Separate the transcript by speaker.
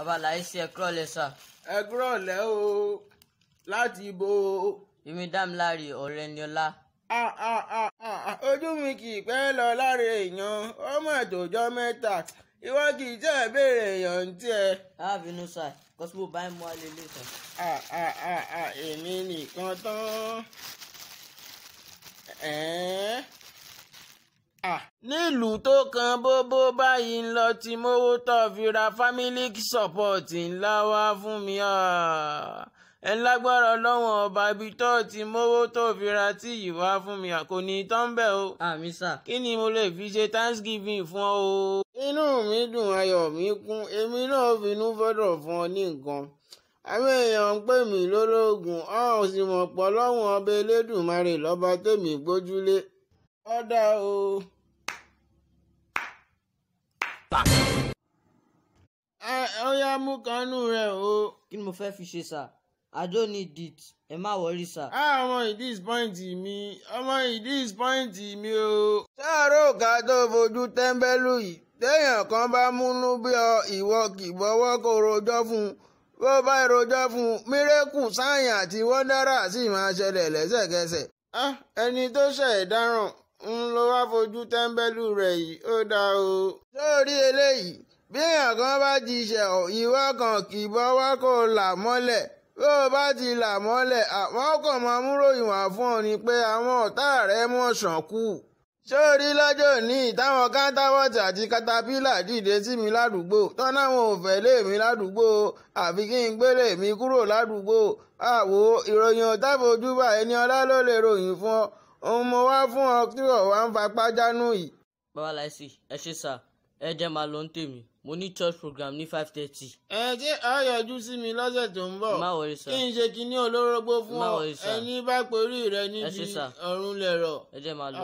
Speaker 1: abala iṣẹ́ ẹ̀kúrọ̀lẹ́ sà. ẹ̀kúrọ̀lẹ́ o láti bo. èmi dámilárì ọ̀rẹ́ ni ọlá. ojú mi kì í pẹ́ lọ lára èèyàn ọmọ ìtòjọ́ mẹ́ta ìwọ kì í tẹ̀ béèrè èèyàn ń tiẹ̀. àbínú sà kọ́síbò báyìí mú alẹ́ ilé sà. èmi nìkan tán. ẹ̀ẹ́ nílùú tó kan bóbó báyìí ń lọ tí mowó tó fi ra family support ńlá wá fún mi ẹ lágbára lọ́wọ́n ọba ibi tó ti mówó tó fi ra tí yìí wá fún mi kò ní tán bẹ́ẹ̀ o. àmì sà. kí ni mo lè fi ṣe thanksgiving fún ọ o. inú mi dùn ayọ̀ mi kún èmi náà finú fọ́dọ̀ fún ọ ní nǹkan. àwọn èèyàn ń pè mí lólógun ọ̀hún sì mọ̀ pọ̀ lọ́wọ́n ọba elédùnmarè lọ́ba tèmi gbójúlé ọ̀dà o. ọyá mú rẹ o. kí ni mo fẹ́ fi ṣe sà i don't need it ẹ má wọrí sà. á ọmọ ìdí ìsìpọ́ǹtì mi ọmọ ìdí ìsìpọ́ǹtì mi o. sáàrò ká tó fojú tẹ́ńbẹ́lú yìí téèyàn kan bá múnú bí ọ ìwọ kì bọ́wọ́ kó fún un bó bá rojọ́ fún un mírèkù sáyìn àti wọ́ndárà sì máa ṣẹlẹ̀ lẹ́sẹ̀kẹsẹ̀. Ah, ẹni tó ṣẹ̀ dáràn ń lọ wá fojú tẹ́ḿbẹ́lú rẹ̀ yìí ó dáa o. sórí eléyìí bí èèyàn kan bá ti ṣẹ̀ ìwọ kan kì í bọ́wọ́ kó là mọ́lẹ̀ bí o bá ti là mọ́lẹ̀ àwọn ọkọ̀ máa mú ròyìn wá fún ọ ni pé àwọn ọ̀tá rẹ̀ mọ̀ ṣànkú. sórí lọ́jọ́ ní ìtàwọn kántáwọ́tì àti katapílà dìde sí mi ládùúgbò tán náwọn ò fẹ́ lé mi ládùúgbò àfi kí n gbélé mi kúrò ládùúgbò àwo ìròyìn ọ̀tá fojú bá ẹni ọlá ló lè ròyìn fún ọ òun mo wá fún ọ tí ò wá ń fapá jánú yìí. bàbá láìsí ẹ ṣe sá ẹ jẹ́ máa lọ ń tèmi mo ní church program ní five thirty. ẹ ṣé a yọjú sí mi lọ́sẹ̀ tó ń bọ̀ kí n ṣe kinní olórógbó fún ọ ẹni bá porí rẹ níbi ọ̀run lẹ̀rọ̀. ẹ jẹ́ máa lọ.